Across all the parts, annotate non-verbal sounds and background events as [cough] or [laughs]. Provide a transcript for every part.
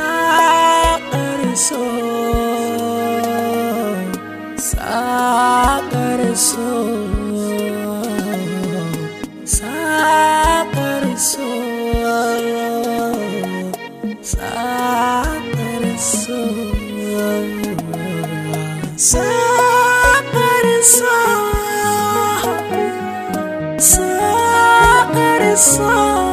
saƙar so saƙar so saƙar so saƙar so saƙar so saƙar so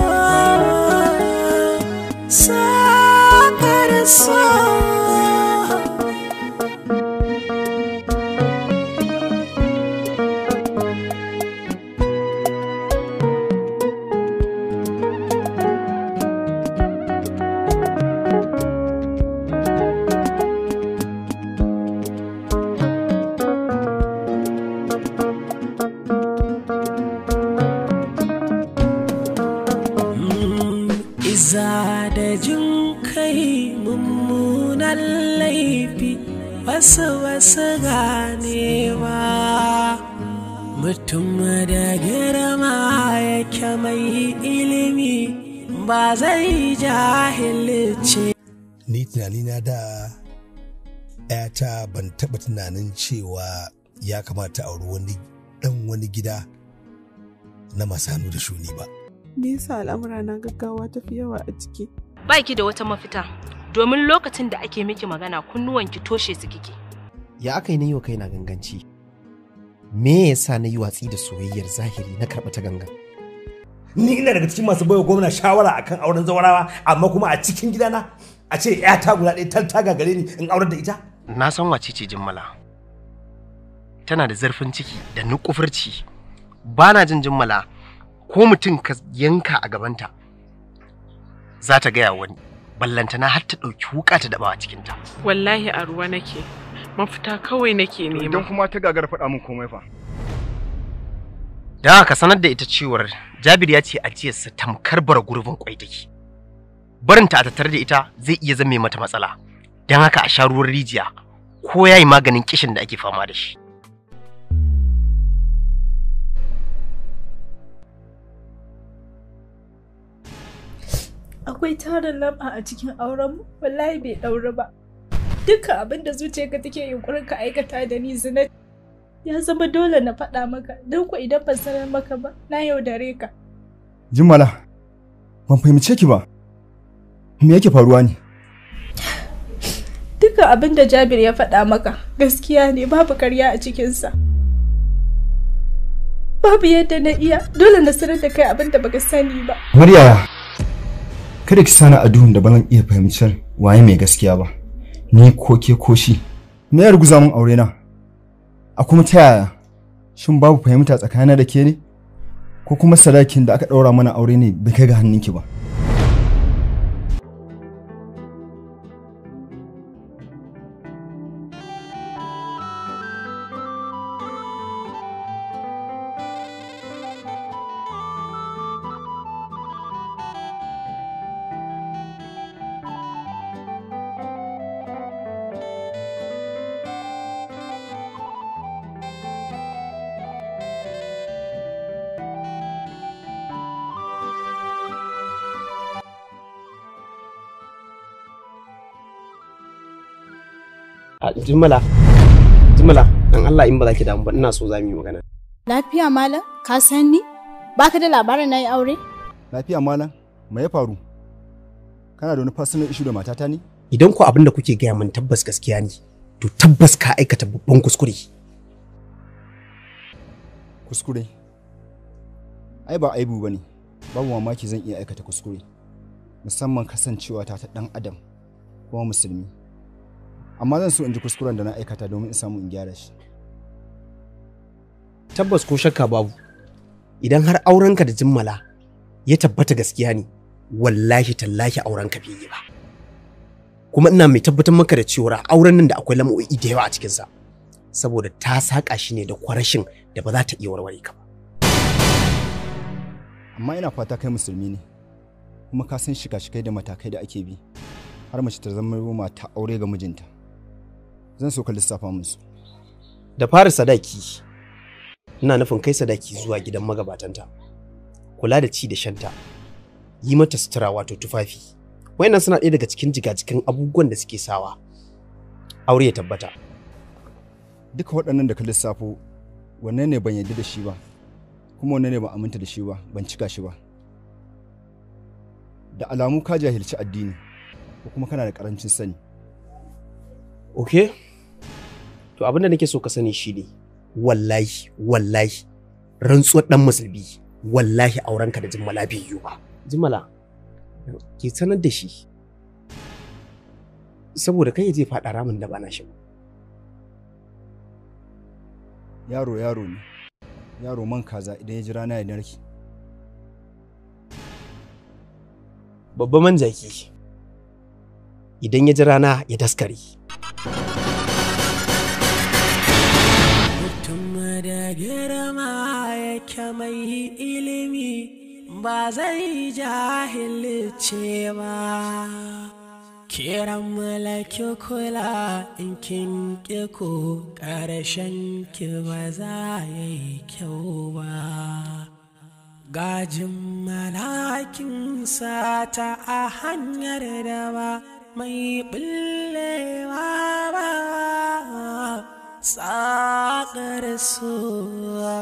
wasu wasu ganewa mutum da girma yake mai ilimi ba zai jahilce ni na da ‘yata ban taɓa tunanin cewa ya kamata a wani ɗan wani gida na masu hannu da shuni ba. nisa al'amura na gaggawa tafi yawa a ciki? Ba ki da wata mafita, domin lokacin da ake miki magana ki toshe su kike. Ya aka yi na yi wa kaina ganganci? Me yasa na yi watsi da soyayyar zahiri na karɓa ta ganga? Ni ina daga cikin masu baiwa gwamna shawara akan auren zawarawa amma kuma a cikin gidana a ce ta guda ɗaya taltaga gare ni in aurar da ita? Na san wace ce jimmala. Tana da zarfin ciki da nukufurci. Ba na jin jimmala ko mutum ka yanka a gabanta za ta gaya wani. ballantana har ta ɗauki wuka ta daba a cikinta. Wallahi a ruwa nake, mafita kawai nake nema. Don kuma ta gagar faɗa min komai fa. Da ka sanar da ita cewar Jabir ya ce ajiyarsa tamkar bar gurbin kwai take. Barinta a tattare da ita zai iya zame mata matsala. Don haka a sha ruwan rijiya ko ya yi maganin kishin da ake fama da shi. akwai tarin lamba a cikin aurenmu wallahi bai ɗauri ba dukkan abin da zuciyarka take yunkurin ka aikata da ni zina ya zama dole na faɗa maka don ku idan ban sanar maka ba na yaudare ka jimala ban fahimce ki ba me yake faruwa ne dukkan abin da jabir ya faɗa maka gaskiya ne babu karya a cikinsa babu yadda na iya dole na sanar da kai abin da baka sani ba Muryaya. kada ki sani a duhun da ban iya fahimtar waye mai gaskiya ba ni ko ke ko shi me ya ruguza mun aure na a kuma ta yaya shin babu fahimta tsakanina da ke ne ko kuma sadakin da aka ɗaura mana aure ne bai kai ga hannunki ba jimala jimala dan Allah in ba za ki damu ba ina so za mu yi magana lafiya malam ka san ni baka da labarin nayi aure lafiya malam me ya faru kana da wani personal issue da matata ne idan ku abin da kuke gaya min tabbas gaskiya ne to tabbas ka aikata babban kuskure kuskure ai ba aibu bane babu mamaki zan iya aikata kuskure musamman kasancewa ta ta dan adam kuma musulmi amma zan so in ji kuskuren da na aikata domin in samu in gyara shi tabbas ko shakka babu idan har aurenka da jimmala ya tabbata gaskiya ne wallahi tallahi aurenka bai yi ba kuma ina mai tabbatar maka da cewa auren nan da akwai lamu'o'i da yawa a cikinsa saboda ta saƙa shi ne da kwarashin da ba za ta iya warware ka ba amma ina fata kai musulmi ne kuma ka san shika-shikai da matakai da ake bi har mace ta zama mata aure ga mijinta zan so ka lissafa musu da fara sadaki ina nufin kai sadaki zuwa gidan magabatanta kula da ci da shanta yi mata sutura wato tufafi wayannan suna ɗaya daga cikin jigajikin abubuwan da suke sawa aure ya tabbata duka waɗannan da ka lissafo wanne ne ban yarda da shi ba kuma wanne ne ban aminta da shi ba ban cika shi ba da alamu ka jahilci addini ko kuma kana da karancin sani okay to abin da nake so ka sani shi ne wallahi wallahi rantsuwar dan musulmi wallahi aurenka da jimmala bai yiwu ba jimmala ke sanar da shi saboda kai je faɗa ramin da bana shi yaro yaro ne yaro man kaza idan ya jira na ya narki babba man jaki idan ya jira na ya daskare girma yake mai ilimi ba zai jahilce ba kiran mulki kula in kin ko ƙarshen ki ba za ya yi kyau ba gajin malakin sata a hanyar da ba mai ɓullewa ba Sagar Suha.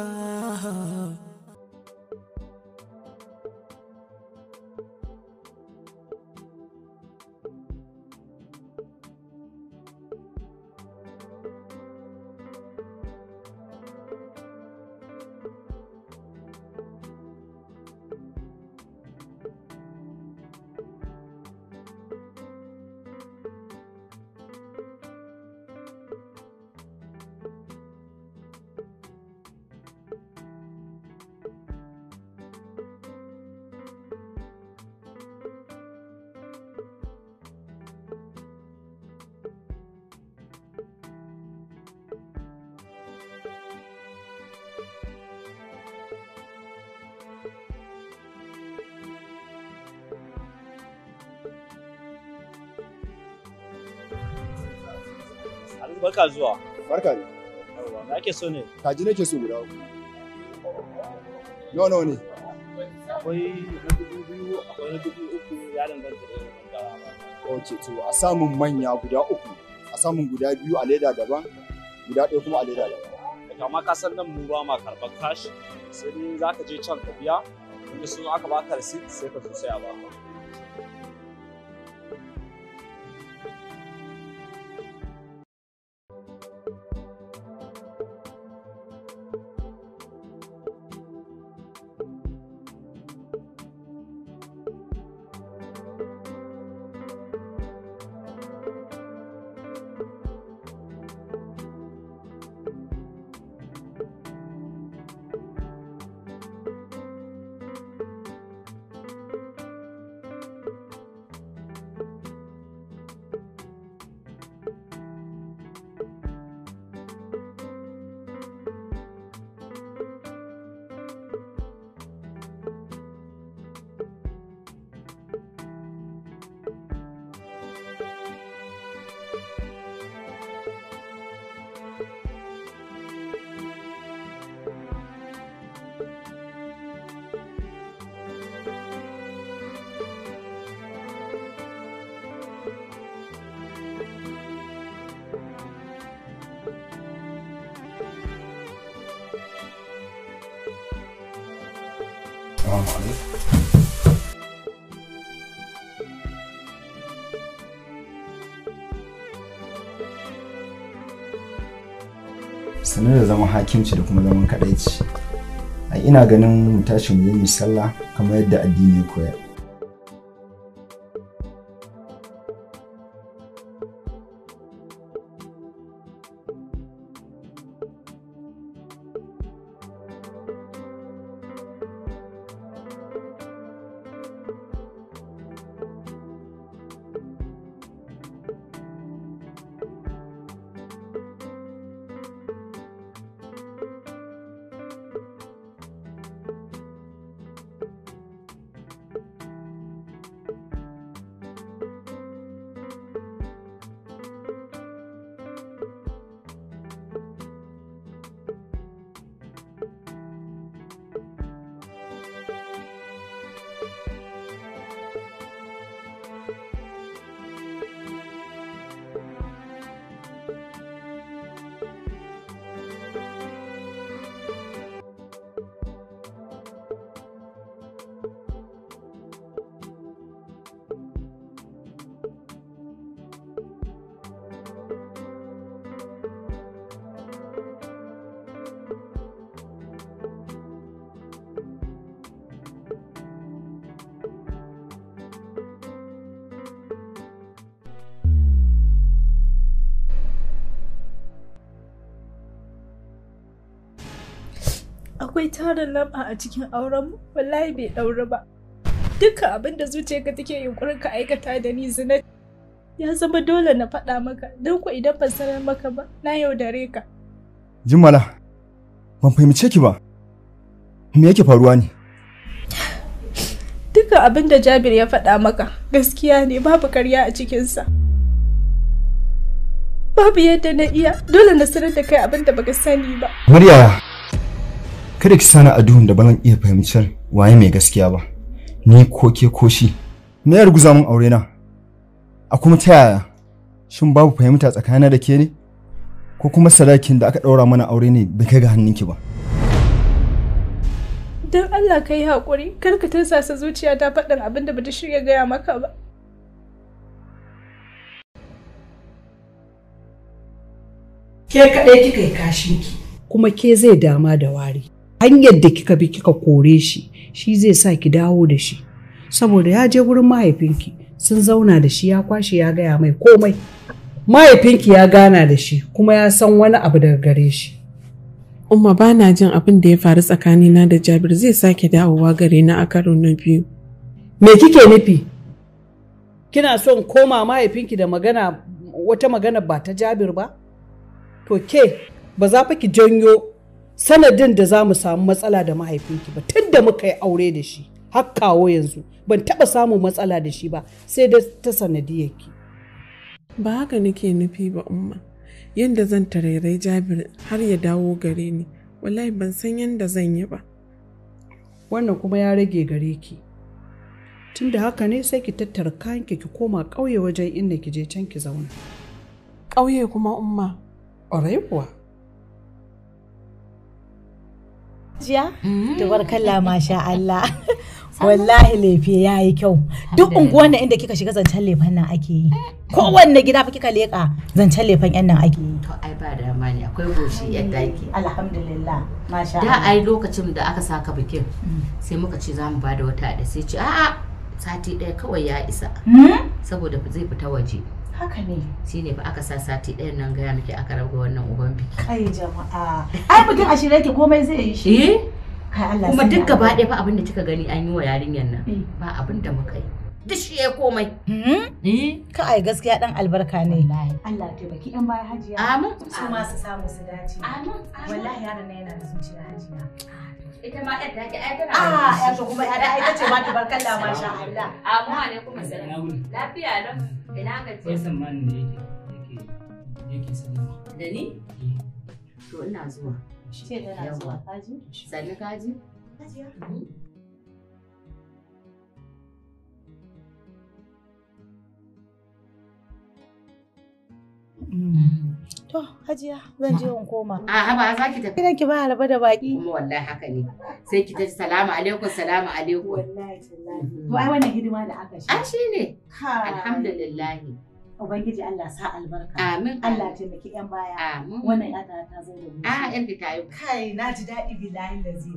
barka zuwa. Barka ne. Yawwa, ake so ne? Kaji ke so guda uku. Nawa ne? Akwai na dubu biyu, akwai na dubu uku, ya danganta da yawan gawa. Ok, to a samun manya guda uku, a samun guda biyu a leda daban, guda ɗaya kuma a leda daban. Kama ka san nan mu ba ma karɓar kashi, sai dai za ka je can ka biya, wanda sun aka ba ka sai ka zo sai Mann. sanar da zama hakimci da kuma zaman kadaici a ina ganin mu tashi mu yi sallah kamar yadda addini ya koyar akwai tarin lamba a cikin aurenmu wallahi bai ɗauri ba dukkan abin da zuciyarka take yunkurin ka aikata da ni zina ya zama dole na faɗa maka don ku idan ban sanar maka ba na yaudare ka jimala ban fahimce ki ba me yake faruwa ne dukkan abin da jabir ya faɗa maka gaskiya ne babu karya a cikinsa babu yadda na iya dole na sanar da kai abin da baka sani ba muryaya kada ki sani a duhun da ba zan iya fahimtar waye mai gaskiya ba ni ko ke ko shi na yargu zamun aure na a kuma ta yaya shin babu fahimta tsakanin da ke ne ko kuma sadakin da aka ɗaura mana aure ne bai kai ga hannunki ba don Allah ka yi haƙuri kar ka tursasa zuciya ta faɗin abin da bata shirya gaya maka ba ke kaɗai kika yi kashinki kuma ke zai dama da wari hanyar da kika bi kika kore shi shi zai sa ki dawo da shi saboda ya je wurin mahaifinki sun zauna da shi ya kwashe ya gaya mai komai mahaifinki ya gana da shi kuma ya san wani abu daga gare shi umma ba na jin abin da ya faru tsakanina da jabir zai sake dawowa gare na a karo na biyu me kike nufi kina son koma mahaifinki da magana wata magana ba ta jabir ba to ke ba za fa ki janyo sanadin da za mu samu matsala da mahaifinki ba tun da muka yi aure da shi har yanzu ban taɓa samun matsala da shi ba sai da ta sanadiyarki. ba haka nake nufi ba umma yadda zan tarairai jabir har ya dawo gare ni wallahi ban san yadda zan yi ba wannan kuma ya rage gare ki tun da haka ne sai ki tattara kayanki ki koma ƙauye wajen inda ki je can ki zauna ƙauye kuma umma ƙwarai kuwa jiya mm. tabarkalla masha Allah [laughs] wallahi lefe ya yi kyau duk unguwan na inda kika shiga zancen lefen nan ake yi kowanne gida fi kika leka zancen lefen yan nan ake yi to ai ba da mani akwai goshi yadda ake alhamdulillah masha Allah da ai lokacin da aka saka bikin mm. sai muka ce zamu da wata da sai ce a'a sati ɗaya kawai ya isa hmm? saboda zai fita waje haka ne shine ba aka sa sati ɗaya nan gaya muke aka rabu wannan uban biki kai jama'a ai mutum a shirye ke komai zai yi shi eh? kuma duk gaba ɗaya ba abinda da kika gani an yi wa yarinyar nan eh. ba abin da muka yi duk shi ya komai. Hmm? Eh? ka ai gaskiya dan albarka ne. Allah ta baki yan baya hajiya. Amin. Su ma su samu su dace. Amin. Wallahi yaron yana da zuciya hajiya. ita ma yadda ake ai tana ah, a yadda kuma yadda ai tace ma tabarkalla ma sha Allah amma kuma assalam lafiya lau ina ka ce ne yake yake da ni eh. to ina zuwa ce tana zuwa kaji kaji kaji Mm. Mm. To, Hajiya, zan je in koma. A haba za ki tafi. Kiran ki ba halaba da baki. Kuma wallahi haka ne. Sai ki tafi salamu alaikum salamu alaikum. Wallahi tallahi. Mm-hmm. To ai wannan hidima da aka shi. A ah, shi ne. Alhamdulillah. Ubangiji Allah sa albarka. Amin. Allah taimaki yan baya. Amin. Wannan ya ta zo da mu. A yan ki tayo. Kai na ji daɗi billahi lazi.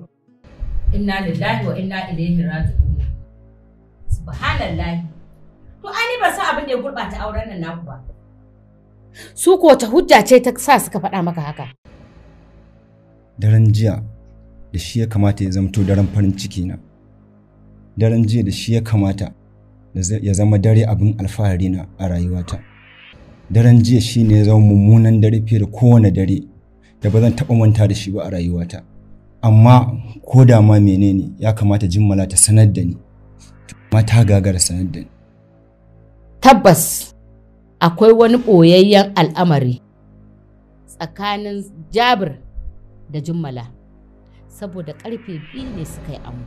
Inna lillahi wa inna ilaihi raji'un. Subhanallahi. To ai ba sa abin da ya gurɓata auren nan naku ba. Su ko ta hujja ce ta sa suka faɗa maka haka. Daren jiya da shi ya kamata ya zamto daren farin ciki na. Daren jiya da shi ya kamata ya zama dare abin alfahari na a rayuwata. Daren jiya shi ne ya zama mummunan dare fiye da kowane dare da ba zan taɓa manta da shi ba a rayuwata. Amma ko da ma menene ya kamata jimmala ta sanar da ni. Mata gagara sanar da ni. Tabbas akwai wani ɓoyayyen al'amari tsakanin jabir da jummala saboda ƙarfe biyu ne suka yi amu.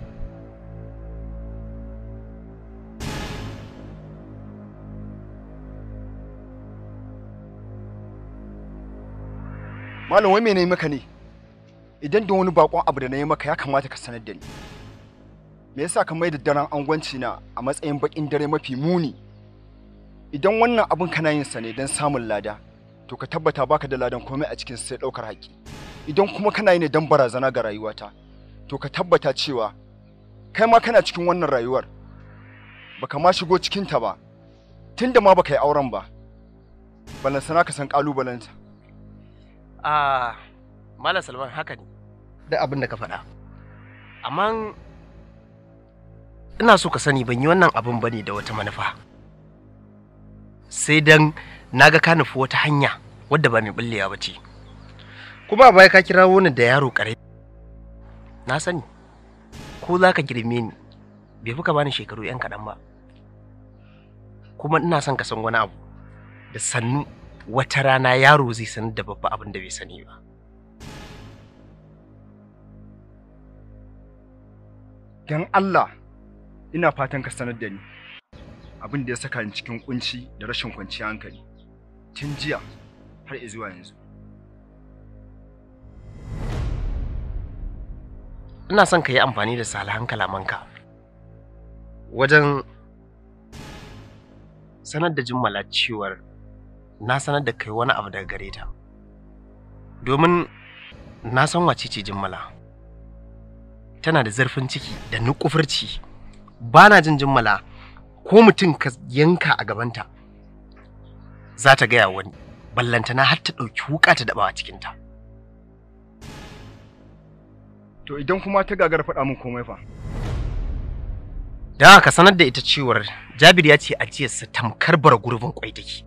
Malam wai mene maka ne? Idan da wani bakon abu da na yi maka ya kamata ka sanar da ni. Me yasa ka mai da daren angwanci na a matsayin bakin dare mafi muni idan wannan abin kana yin sa ne don samun lada to ka tabbata baka da ladan komai a cikin sai ɗaukar haƙƙi idan kuma kana yi ne don barazana ga rayuwata to ka tabbata cewa kai ma kana cikin wannan rayuwar baka ma shigo cikinta ba tunda ma baka yi auren ba balansana ka san ƙalubalenta a malam salman haka ne da abin da ka faɗa amma ina so ka sani ban yi wannan abin bane da wata manufa sai dan naga ka nufi wata hanya wadda ba mai bullewa ba ce kuma baya ka kira wani da yaro kare na sani ko za ka girme ni bai fi ka bani shekaru yan kaɗan ba kuma ina son ka san wani abu da sannu wata rana yaro zai sanar da babba abin da bai sani ba Dan Allah ina fatan ka sanar da ni abin da ya saka ni cikin kunci da rashin kwanciyar hankali tun jiya har zuwa yanzu ina son ka yi amfani da salihan manka wajen sanar da jimmala cewar na sanar da kai wani abu daga gare ta domin na san wace ce jimmala tana da zarfin ciki da nukufurci ba na jin jimmala ko mutum ka yanka a gabanta za ta gaya wani ballantana har ta ɗauki wuka ta daba cikinta. To idan kuma ta gagara faɗa min komai fa. Da ka sanar da ita cewar Jabir ya ce ajiyarsa tamkar bar gurbin kwai take.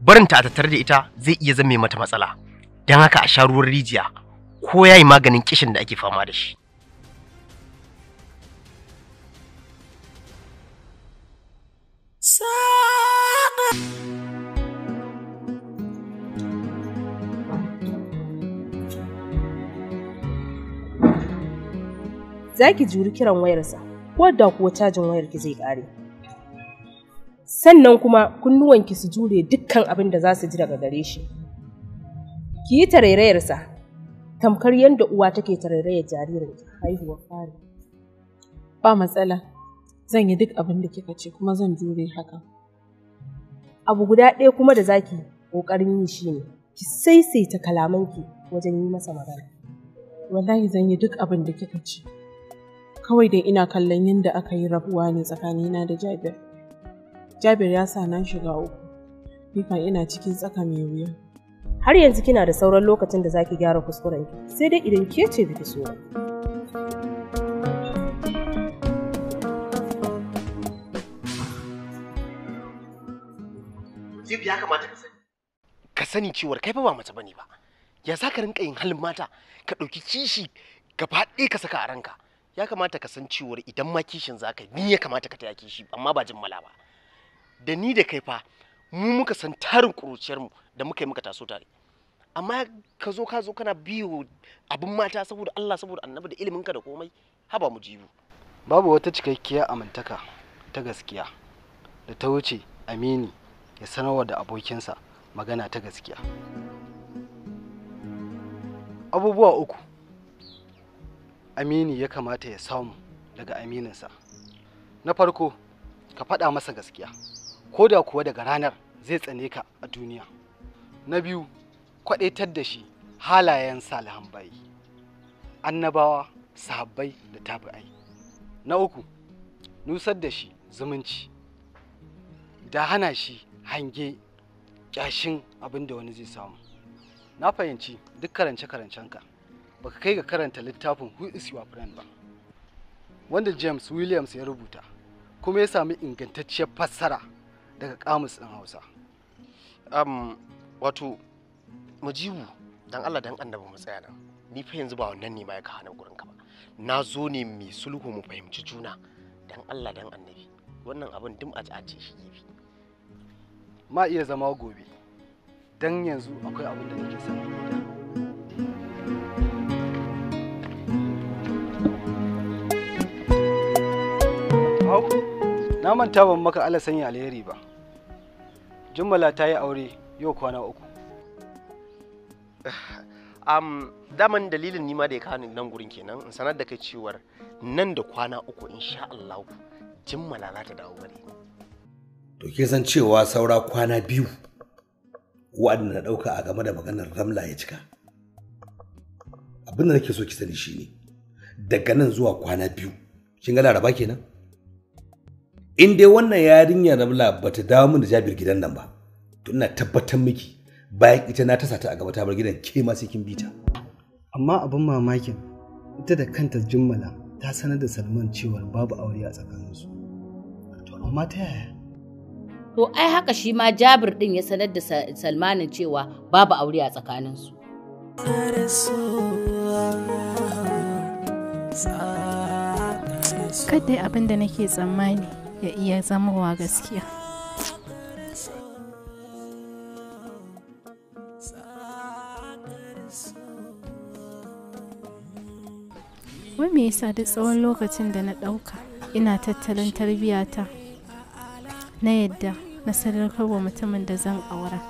Barinta a tattare da ita zai iya zame mata matsala. Don haka a sha ruwan rijiya ko ya yi maganin kishin da ake fama da shi. Za ki juri kiran wayarsa, ko da kuwa cajin wayarki zai ƙare. Sannan kuma kunnuwanki su jure dukkan abin da za su ji daga gare shi. Ki yi tarairayarsa, tamkar yadda uwa take tarairayar jaririn haihuwar fari. Ba matsala. zan yi duk abin da kika ce kuma zan jure hakan. Abu guda ɗaya kuma da zaki ƙoƙarin yi shi ne, ki saisaita kalamanki wajen yi masa magana. Wallahi zan yi duk abin da kika ce. Kawai dai ina kallon yadda aka yi rabuwa ne tsakanina da Jabir. Jabir ya sa na shiga uku. Nikan ina cikin tsaka mai wuya. Har yanzu kina da sauran lokacin da za ki gyara kuskurenki, sai dai idan ke ce biki so. Zifi ya kamata ka sani. Ka sani cewar kai fa ba mace bane ba. Ya za ka rinka yin halin mata ka ɗauki kishi gaba ɗaya ka saka a ranka. Ya kamata ka san cewar idan ma kishin za ka ni ya kamata ka taya kishi amma ba jin mala ba. Da ni da kai fa mu muka san tarin mu da muka yi muka taso tare. Amma ka zo ka zo kana biyo abin mata saboda Allah saboda annabi da iliminka da komai haba mu jibu. Babu wata cikakkiyar amintaka ta gaskiya da ta wuce amini ya sanarwa da abokinsa magana ta gaskiya abubuwa uku amini ya kamata ya samu daga amininsa na farko ka faɗa masa gaskiya ko da kuwa daga ranar zai tsane ka a duniya na biyu kwaɗaitar da shi halayen salihan bayi annabawa sahabbai da tabi'ai na uku nusar da shi zumunci da hana shi hange kyashin abin da wani zai samu na fahimci duk karance karancenka baka kai ga karanta littafin who is your friend ba wanda james williams ya rubuta kuma ya sami ingantacciyar fassara daga kamus ɗin hausa um, wato mujibu dan allah dan annabi mu tsaya nan ni fa yanzu ba wannan ne ma ya kawo gurin ka ba na zo ne mai sulhu mu fahimci juna dan allah dan annabi wannan abin dum a ce shi gefe ma iya zama gobe don yanzu akwai abin da nake son Hau, na manta ban maka ala sanya alheri ba. Jummala ta yi aure yau kwana uku. um, [sighs] daman dalilin nima da ya kawo nan gurin kenan in sanar da kai cewar nan da kwana uku insha Allah Jummala za ta dawo gare ni. to ke san cewa saura kwana biyu wa'adin na ɗauka a game da maganar ramla ya cika abinda nake so ki sani shine daga nan zuwa kwana biyu kin ga laraba kenan in dai wannan yarinya ramla ba ta dawo min da jabir gidan nan ba to ina tabbatar miki bayan ita na ta sata a gaba ta bar gidan ke ma sai kin bi ta amma abin mamakin ita da kanta jummala ta sanar da salman cewar babu aure a tsakaninsu to amma ta yaya to ai haka shi ma jabir din ya sanar da salmanin cewa babu aure a tsakaninsu kadai abin da nake tsammani ya iya zamowa gaskiya wai me yasa da tsawon lokacin da na ɗauka ina tattalin tarbiyyata na yadda na sadaukar wa mutumin da zan aura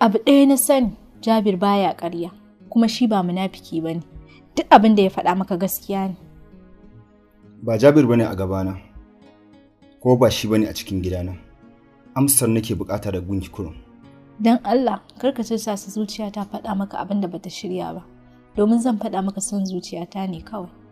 abu ɗaya na sani jabir baya ƙarya kuma shi ba munafiki ba ne duk abin da ya faɗa maka gaskiya ne ba jabir bane a gabana ko ba shi bane a cikin gidana amsar nake bukata da gunki kurum don allah karka sa su zuciya ta faɗa maka abin da bata shirya ba domin zan faɗa maka son zuciyata ne kawai